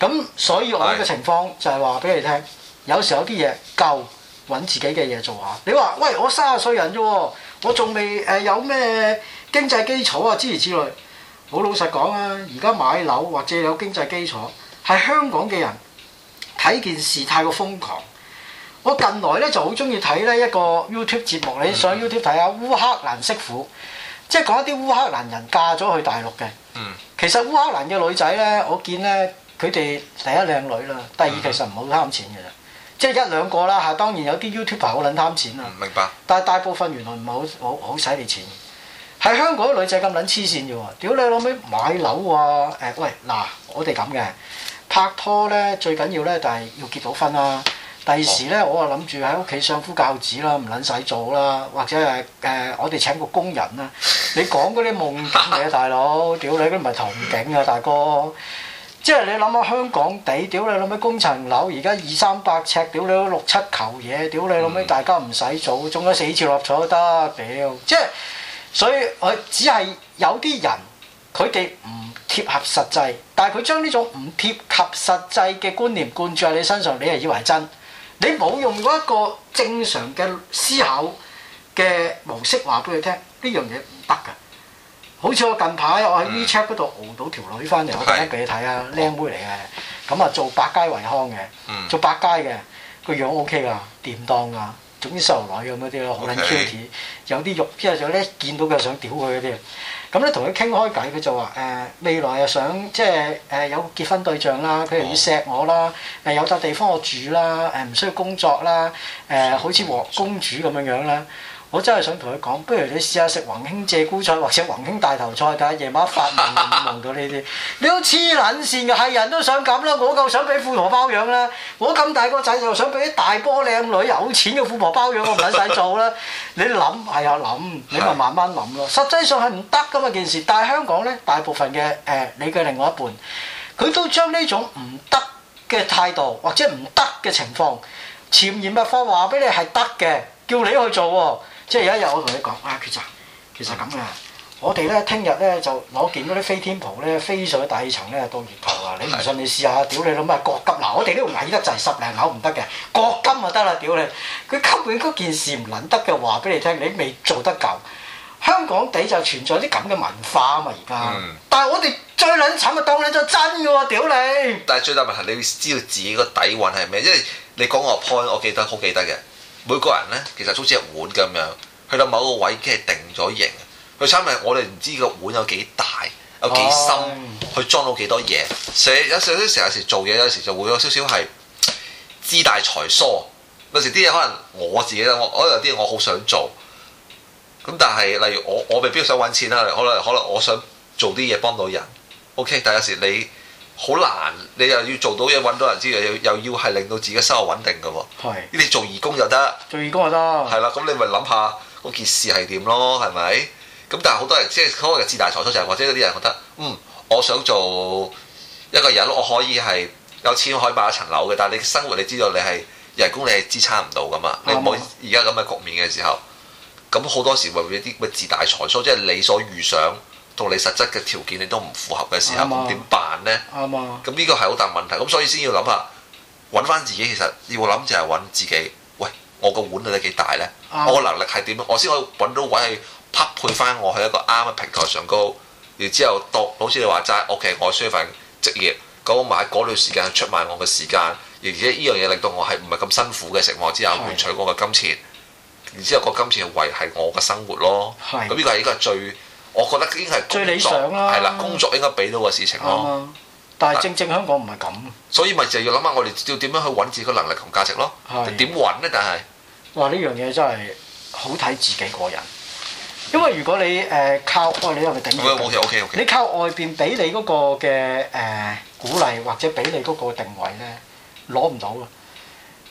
咁所以我呢個情況就係話俾你聽，有時候啲嘢夠。的揾自己嘅嘢做下。你話，喂，我三十歲人啫，我仲未誒有咩、呃、經濟基礎啊，之類之類。好老實講啊，而家買樓或者有經濟基礎，係香港嘅人睇件事太過瘋狂。我近來咧就好中意睇咧一個 YouTube 節目，你上 YouTube 睇下。Mm hmm.《烏克蘭媳婦》，即係講一啲烏克蘭人嫁咗去大陸嘅。Mm hmm. 其實烏克蘭嘅女仔咧，我見咧佢哋第一靚女啦，第二其實唔好貪錢嘅啫。即係一兩個啦，嚇！當然有啲 YouTuber 好撚貪錢啦，明白，但係大部分原來唔係好好好使你錢。喺香港女仔咁撚黐線嘅喎，屌你老味買樓啊！誒、欸、喂，嗱，我哋咁嘅拍拖咧，最緊要咧就係要結到婚啦。第二時咧，我啊諗住喺屋企相夫教子啦，唔撚使做啦，或者係誒、呃、我哋請個工人啦。你講嗰啲夢境啊，大佬，屌、 呃、你都唔係同景啊，大哥！即係你諗下香港地，屌你老味工層樓，而家二三百尺，屌你老味六七球嘢，屌你老味，大家唔使做，中咗四次落合都得，屌！即係所以佢只係有啲人佢哋唔貼合實際，但係佢將呢種唔貼合實際嘅觀念灌注喺你身上，你係以為真，你冇用過一個正常嘅思考嘅模式話俾佢聽，呢樣嘢唔得㗎。好似我近排我喺 WeChat 嗰度熬到條女翻嚟，Okay. 我影俾你睇啊，靚妹嚟嘅，咁啊做百佳維康嘅，做百佳嘅，個樣 O K 㗎，掂當㗎，總之細路女咁嗰啲咯，好撚 cute 有啲肉，之後就咧見到佢又想屌佢嗰啲。咁咧同佢傾開偈，佢就話誒未來又想即係誒有結婚對象啦，佢又要錫我啦，誒、oh. 有笪地方我住啦，誒唔需要工作啦，誒書書好似和公主咁樣樣啦。我真係想同佢講，不如你試下食宏興鷓鴣菜或者宏興大頭菜，睇下夜晚發夢夢到呢啲，你好黐撚線嘅，係人都想咁啦，我夠想俾富婆包養啦，我咁大個仔就想俾啲大波靚女有錢嘅富婆包養，我唔使曬做啦。你諗係啊諗，你咪慢慢諗咯。實際上係唔得噶嘛件事，但係香港呢，大部分嘅誒、呃、你嘅另外一半，佢都將呢種唔得嘅態度或者唔得嘅情況，潛移默化話俾你係得嘅，叫你去做喎。即係有一日我同你講，哇決戰其實咁嘅、嗯，我哋咧聽日咧就攞件嗰啲飛天袍咧飛上去大氣層咧當月頭啊！嗯、你唔信你試下屌你老母啊！國金嗱，我哋呢度矮得滯，十零樓唔得嘅，國金啊得啦！屌你，佢根本嗰件事唔撚得嘅話俾你聽，你未做得夠。香港地就存在啲咁嘅文化啊嘛而家，嗯、但係我哋最撚慘啊，當你做真嘅喎，屌你！但係最大問題你要知道自己個底蘊係咩，因為你講個 point 我記得好記得嘅。每個人咧，其實好似一碗咁樣，去到某個位已經係定咗型。佢差嘅，我哋唔知個碗有幾大，有幾深，oh. 去裝到幾多嘢。所以有少少成日時做嘢，有時就會有少少係志大才疏。有時啲嘢可能我自己咧，我有我有啲嘢我好想做。咁但係，例如我我未必想揾錢啦。可能可能我想做啲嘢幫到人。OK，但有時你。好難，你又要做到嘢搵到人資，又要又要係令到自己生活穩定嘅喎、哦。你是做義工就得，做義工就得。係啦，咁你咪諗下件事係點咯，係咪？咁但係好多人即係所謂嘅自大財收，就是，或者有啲人覺得，嗯，我想做一個人，我可以係有錢可以買一層樓嘅，但係你生活你知道你係人工你係支撐唔到噶嘛？的你唔好而家咁嘅局面嘅時候，咁好多時會有啲自大財收，即係你所預想。同你實質嘅條件你都唔符合嘅時候，咁點、嗯啊、辦呢？啱，咁呢個係好大問題，咁所以先要諗下，揾翻自己其實要諗就係揾自己。喂，我個碗到底幾大呢？嗯啊、我個能力係點？我先可以揾到位去匹配翻我喺一個啱嘅平台上高。然之後，當好似你話齋，OK，我其實我需要份職業，咁我買嗰段時間出賣我嘅時間，而且呢樣嘢令到我係唔係咁辛苦嘅情況之下，換是取我嘅金錢。然之後個金錢係維係我嘅生活咯。係是。咁呢個係一個最我覺得應該係工作最理想係啦，工作應該俾到個事情咯。但係正正香港唔係咁，所以咪就要諗下我哋要點樣去揾自己嘅能力同價值咯。點揾咧，但係話呢樣嘢真係好睇自己個人，因為如果你誒靠，我哋因為頂唔會 OK OK OK，你靠外邊俾你嗰個嘅誒鼓勵或者俾你嗰個定位咧，攞唔到嘅，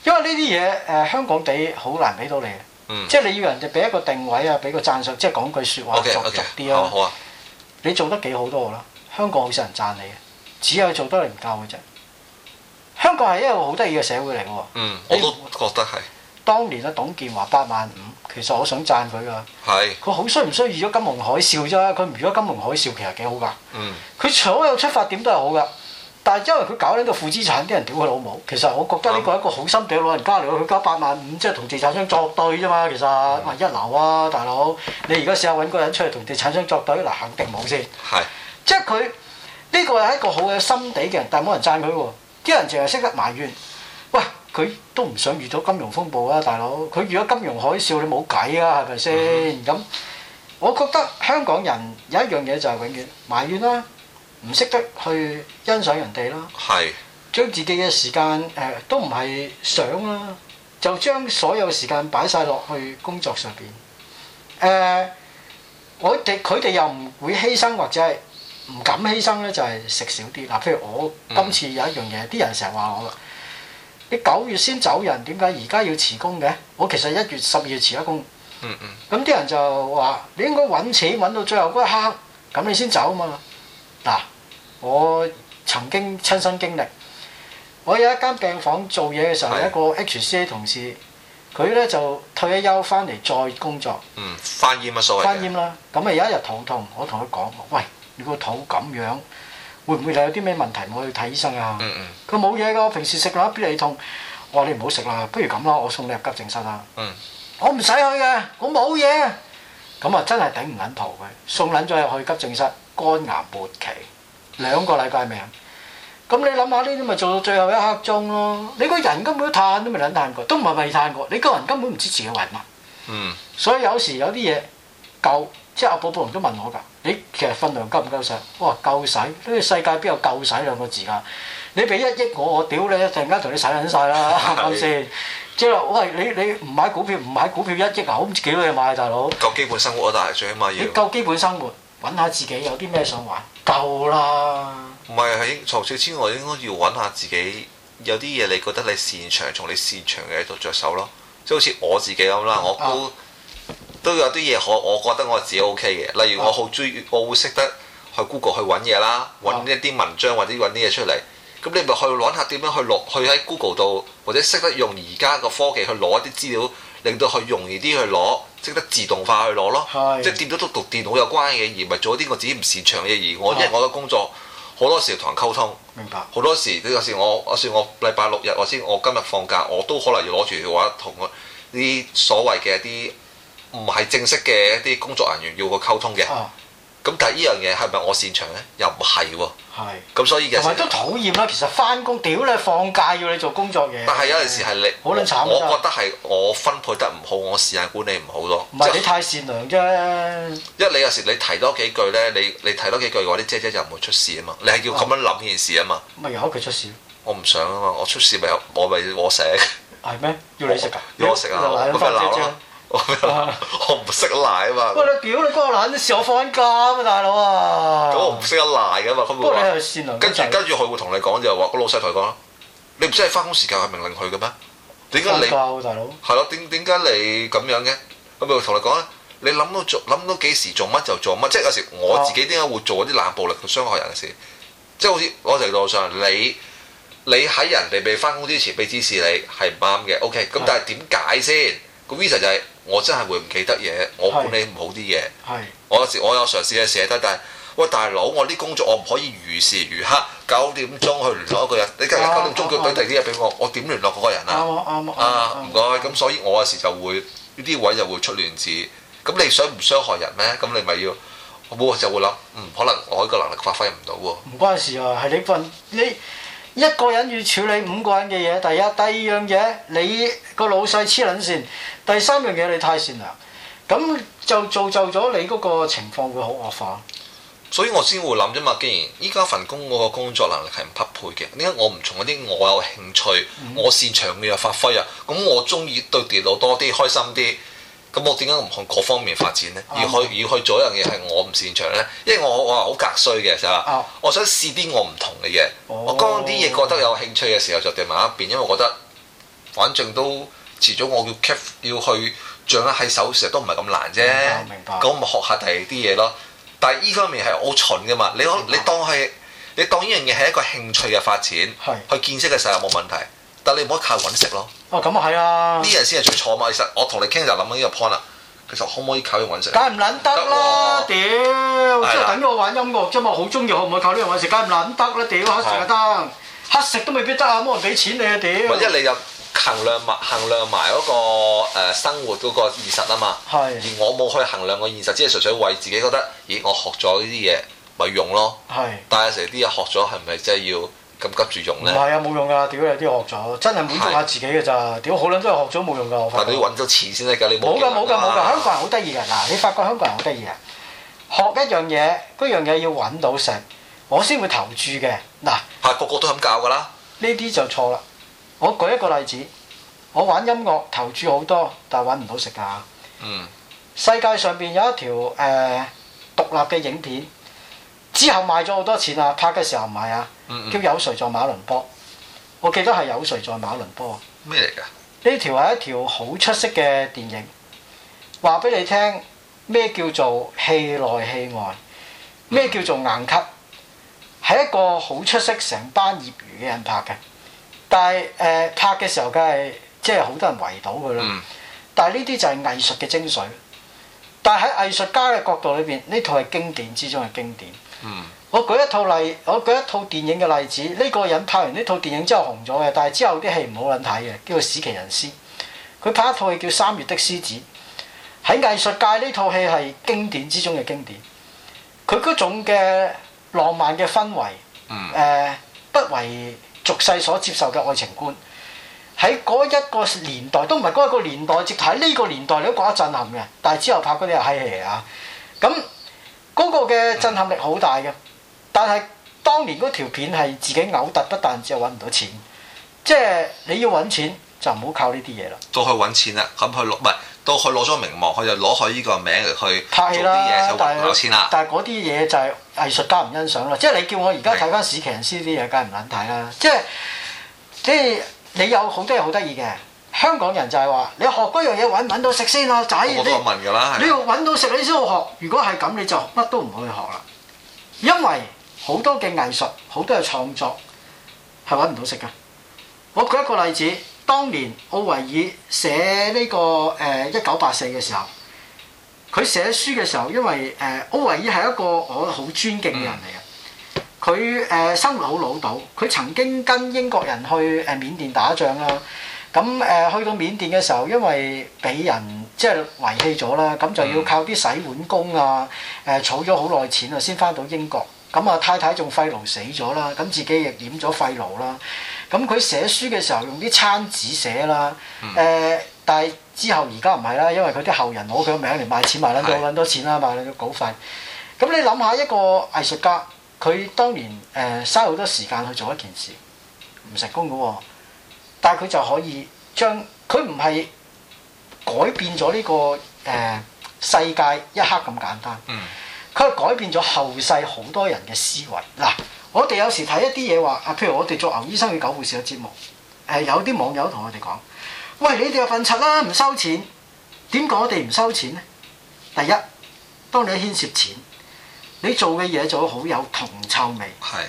因為呢啲嘢誒香港地好難俾到你。嗯、即係你要人哋俾一個定位啊，俾個讚賞，即係講句説話，俗啲咯。好啊，你做得幾好都好啦，香港好少人讚你嘅，只有佢做得你唔夠嘅啫。香港係一個好得意嘅社會嚟嘅喎。嗯、你我都覺得係。當年啊，董建華八萬五，其實我想讚佢㗎。係、嗯。佢好衰唔衰，遇咗金融海嘯啫，佢唔遇咗金融海嘯，海嘯其實幾好㗎。佢、嗯、所有出發點都係好㗎。但係因為佢搞呢個負資產，啲人屌佢老母。其實我覺得呢個係一個好心地嘅老人家嚟嘅，佢加八萬五即係同地產商作對啫嘛。其實一流啊，大佬！你而家試下揾個人出嚟同地產商作對，嗱，肯定冇先。係是即係佢呢個係一個好有心地嘅人，但係冇人贊佢喎。啲人淨係識得埋怨。喂，佢都唔想遇到金融風暴啊，大佬！佢遇咗金融海嘯，你冇計啊，係咪先？咁、嗯、我覺得香港人有一樣嘢就係永遠埋怨啦、啊。唔識得去欣賞人哋啦，係將是自己嘅時間誒、呃、都唔係想啦、啊，就將所有時間擺晒落去工作上邊。誒、呃，我哋佢哋又唔會犧牲或者係唔敢犧牲咧，就係食少啲。嗱、呃，譬如我今次有一樣嘢，啲、嗯、人成日話我：你九月先走人，點解而家要辭工嘅？我其實一月十二月辭咗工。嗯嗯。咁啲人就話：你應該揾錢揾到最後嗰一刻，咁你先走啊嘛。嗱。我曾經親身經歷，我有一間病房做嘢嘅時候，是的 有一個 H C A 同事，佢咧就退咗休翻嚟再工作。嗯，翻煙乜、啊、所謂？翻煙啦，咁啊有一日肚痛，我同佢講：，喂，你個肚咁樣，會唔會又有啲咩問題？唔去睇醫生啊！嗯嗯。佢冇嘢噶，平時食辣必理痛。我話你唔好食啦，不如咁啦，我送你入急症室啦。嗯我。我唔使去嘅，我冇嘢。咁啊真係頂唔緊肚嘅，送撚咗入去急症室，肝癌末期。兩個禮拜命，咁你諗下呢啲咪做到最後一刻鐘咯？你個人根本都嘆都未捻嘆過，都唔係未嘆過。你個人根本唔知自己為乜。嗯。所以有時有啲嘢夠，即係阿寶寶都問我㗎。你其實份量夠唔夠使？哇，話夠使。呢個世界邊有夠使兩個字㗎？你俾一億我，我屌你，是 你，一陣間同你洗緊晒啦，係先？即係我話你你唔買股票唔買股票一億啊？我唔知幾多嘢買啊，大佬。夠基本生活，但係最起碼要。你夠基本生活。揾下自己有啲咩想玩，夠啦。唔係喺除此之外，應該要揾下自己有啲嘢，你覺得你擅長，從你擅長嘅嘢度着手咯。即係好似我自己咁啦，我都、哦、都有啲嘢，我我覺得我自己 OK 嘅。例如我好鍾意，哦、我會識得去 Google 去揾嘢啦，揾一啲文章、哦、或者揾啲嘢出嚟。咁你咪去攞下點樣去落去喺 Google 度或者識得用而家個科技去攞一啲資料。令到佢容易啲去攞，識得自動化去攞咯，是即係掂到都同電腦有關嘅嘢，而唔係做啲我自己唔擅長嘅嘢。而、啊、我因為我嘅工作好多時要同人溝通，好白多時都有時我，我算我禮拜六日，我先我今日放假，我都可能要攞住嘅話同啲所謂嘅一啲唔係正式嘅一啲工作人員要個溝通嘅。啊。咁但係呢樣嘢係咪我擅長咧？又唔係喎。係是。咁、嗯、所以其實唔係都討厭啦。其實翻工屌你，放假要你做工作嘢。但係有陣時係你好卵慘啊。我覺得係我分配得唔好，我時間管理唔好咯。唔係你太善良啫。一你有時你提多幾句咧，你你提多幾句嘅話，我啲姐姐就唔會出事啊嘛。你係要咁樣諗件事啊嘛。咪由可佢出事？我唔想啊嘛，我出事咪我咪我食。係咩？要你食㗎？我我要我食啊？要我梗我唔識賴啊嘛！餵你屌你過年嘅時候放緊假啊嘛，大佬啊！咁我唔識得賴啊嘛，咁我跟住跟住佢會同你講，就話個老細同你講啦，你唔知係翻工時間係命令佢嘅咩？點解你係咯？點點解你咁樣嘅，咁咪同你講咧？你諗到做諗到幾時做乜就做乜，即係有時我自己點解會做啲冷暴力同傷害人嘅事？即係好似我成日同你講，你你喺人哋未翻工之前俾指示你係唔啱嘅。OK，咁但係點解先個 Visa 就係？我真係會唔記得嘢，我管理唔好啲嘢。我有時我有嘗試去寫低，但係喂大佬，我啲工作我唔可以如時如刻九點鐘去聯絡一個人。啊、你今九點鐘叫佢遞啲嘢俾我，我點聯絡嗰個人啊？啱啱啊唔該咁，所以我有時就會呢啲位就會出亂子。咁你想唔傷害人咩？咁你咪要我冇就會諗唔可能我呢個能力發揮唔到喎。唔關事啊，係你份你。你一個人要處理五個人嘅嘢，第一、第二樣嘢，你個老細黐撚線；第三樣嘢，你太善良，咁就造就咗你嗰個情況會好惡化。所以我先會諗啫嘛，既然依家份工我個工作能力係唔匹配嘅，點解我唔從嗰啲我有興趣、我擅長嘅嘢發揮啊？咁、嗯、我中意對電腦多啲，開心啲。咁我點解唔向各方面發展呢？哦、要去要去做一樣嘢係我唔擅長呢？因為我我係好格衰嘅，就係、哦、我想試啲我唔同嘅嘢。哦、我嗰啲嘢覺得有興趣嘅時候就掉埋一邊，因為我覺得反正都遲早我要 keep，要去掌握喺手時，其實都唔係咁難啫。明白。咁咪學下第二啲嘢咯。但係依方面係好蠢嘅嘛。你可白你當係你當依樣嘢係一個興趣嘅發展，是去見識嘅時候有冇問題。但你唔可以靠揾食咯，咯。哦，咁啊係啊！呢樣先係最錯嘛。其實我同你傾就諗緊呢個 point 啊，其實可唔可以靠呢樣揾食？梗係唔撚得啦！屌，即係了等於我玩音樂啫嘛，好中意可唔可以靠呢樣揾食？梗係唔撚得啦！屌，乞食又得，好乞食都未必得啊！冇人俾錢你啊！屌。或者你就衡量埋衡量埋嗰個生活嗰個現實啊嘛。係的。而我冇去衡量個現實，只係純粹為自己覺得，咦？我學咗呢啲嘢咪用咯。係。但係成日啲嘢學咗係咪真係要，要？咁急住用咧？唔係啊，冇用噶，屌有啲學咗，真係滿足下自己嘅咋，屌對好撚都係學咗冇用噶。但係你要揾到錢先得㗎，你冇嘅。冇噶，冇噶，冇噶。香港人好得意噶，嗱，你發覺香港人好得意啊！學一樣嘢，嗰樣嘢要揾到食，我先會投注嘅。嗱，係個個都咁教㗎啦。呢啲就錯啦。我舉一個例子，我玩音樂投注好多，但係揾唔到食㗎。嗯。世界上邊有一條誒、呃、獨立嘅影片。之後賣咗好多錢啊！拍嘅時候買啊，嗯嗯叫有誰在馬倫波。我記得係有誰在馬倫波咩嚟㗎？呢條係一條好出色嘅電影，話俾你聽咩叫做戲內戲外，咩、嗯嗯、叫做硬級，係一個好出色成班業餘嘅人拍嘅。但係誒、呃、拍嘅時候，梗係即係好多人圍到佢啦。嗯嗯，但係呢啲就係藝術嘅精髓。但係喺藝術家嘅角度裏邊，呢套係經典之中嘅經典。嗯，我舉一套例，我舉一套電影嘅例子。呢、這個人拍完呢套電影之後紅咗嘅，但係之後啲戲唔好撚睇嘅，叫做史奇人師。佢拍一套戲叫《三月的獅子》，喺藝術界呢套戲係經典之中嘅經典。佢嗰種嘅浪漫嘅氛圍，誒、嗯呃、不為俗世所接受嘅愛情觀，喺嗰一個年代都唔係嗰一個年代，直頭喺呢個年代，個年代你都覺得震撼嘅。但係之後拍嗰啲又閪戲啊，咁。嗰個嘅震撼力好大嘅，嗯、但係當年嗰條片係自己嘔突，不但止係揾唔到錢。即係你要揾錢就要，就唔好靠呢啲嘢啦。到去揾錢啦，咁去攞，唔係到去攞咗名望，佢就攞佢呢個名嚟去做啲嘢，是就揾到錢啦。但係嗰啲嘢就係藝術家唔欣賞咯。即係你叫我而家睇翻《史劇人師》呢啲嘢，梗係唔撚睇啦。即係即係你有好多嘢好得意嘅。香港人就係話：你學嗰樣嘢揾唔揾到食先咯，仔！我都問㗎啦，你要揾到食你先好學。如果係咁，你就乜都唔好去學啦。因為好多嘅藝術，好多嘅創作係揾唔到食噶。我舉一個例子，當年奧維爾寫呢個誒一九八四嘅時候，佢寫書嘅時候，因為誒奧維爾係一個我好尊敬嘅人嚟嘅。佢誒生活好老道，佢曾經跟英國人去誒緬甸打仗啊。咁誒去到緬甸嘅時候，因為俾人即係遺棄咗啦，咁、嗯、就要靠啲洗碗工啊！誒、呃，儲咗好耐錢啊，先翻到英國。咁、嗯、啊，太太仲肺癆死咗啦，咁自己亦染咗肺癆啦。咁、嗯、佢、嗯、寫書嘅時候用啲餐紙寫啦。誒、呃，但係之後而家唔係啦，因為佢啲後人攞佢個名嚟賣錢，賣撚到好多錢啦，賣撚咗稿費。咁你諗下一個藝術家，佢當年誒嘥好多時間去做一件事，唔成功嘅喎。但係佢就可以將佢唔係改變咗呢、這個誒、呃、世界一刻咁簡單，佢係、嗯、改變咗後世好多人嘅思維。嗱，我哋有時睇一啲嘢話，啊，譬如我哋做牛醫生與狗護士嘅節目，誒、呃、有啲網友同我哋講：，喂，你哋有份物啦，唔收錢。點講我哋唔收錢咧？第一，當你牽涉錢，你做嘅嘢就好有銅臭味。係誒是、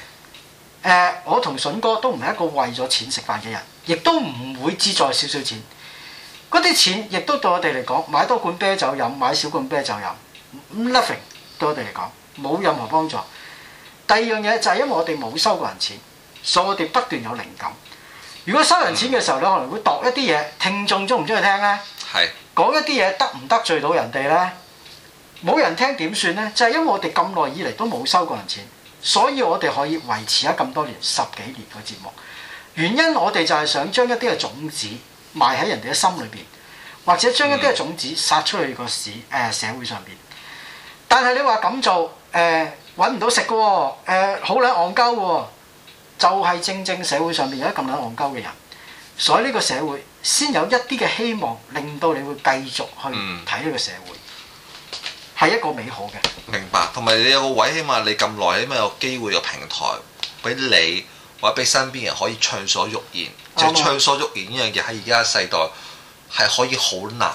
呃，我同筍哥都唔係一個為咗錢食飯嘅人。亦都唔會資助少少錢，嗰啲錢亦都對我哋嚟講買多罐啤酒飲，買少罐啤酒飲，nothing 對我哋嚟講冇任何幫助。第二樣嘢就係因為我哋冇收過人錢，所以我哋不斷有靈感。如果收人錢嘅時候，嗯、你可能會度一啲嘢，聽眾中唔中意聽呢？係講是一啲嘢得唔得罪到人哋呢？冇人聽點算呢？就係、是、因為我哋咁耐以嚟都冇收過人錢，所以我哋可以維持咗咁多年、十幾年個節目。原因我哋就係想將一啲嘅種子埋喺人哋嘅心裏邊，或者將一啲嘅種子撒出去個市誒社會上邊。嗯、但係你話咁做誒揾唔到食嘅、哦，誒好撚戇鳩嘅，就係、係、正正社會上面有一咁撚戇鳩嘅人，所以呢個社會先有一啲嘅希望，令到你會繼續去睇呢個社會係、嗯、一個美好嘅。明白，同埋你有個位，起碼你咁耐起碼有機會有平台俾你。話俾身邊人可以暢所欲言，即係暢所欲言呢樣嘢喺而家世代係可以好難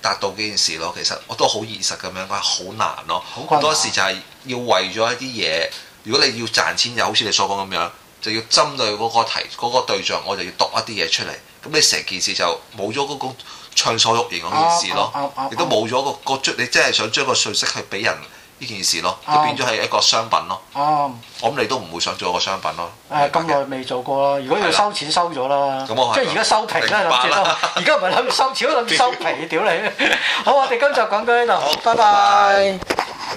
達到嘅件事咯。其實我都好現實咁樣，係好難咯。好多時就係要為咗一啲嘢，如果你要賺錢就好似你所講咁樣，就要針對嗰個題嗰個對象，我就要度一啲嘢出嚟。咁你成件事就冇咗嗰個暢所欲言嗰件事咯，亦都冇咗個個你真係想將個訊息去俾人。呢件事咯，就變咗係一個商品咯。啱、啊，我諗你都唔會想做一個商品咯。誒、啊，咁耐未做過啦。如果要收錢收咗啦，即係而家收皮啦。諗住，而家唔係諗住收錢，而係諗住收皮。屌你！好，我哋今集講到呢度， 好拜拜。拜拜。